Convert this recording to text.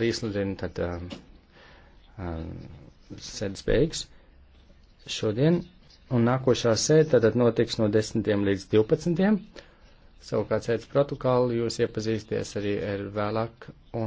Rītdien tad um, um, sēdes beigas šodien, un nākošā sēde tad notiks no 10. līdz 12. Savukārt sēdes protokolu jūs iepazīsties arī ar vēlāk. Un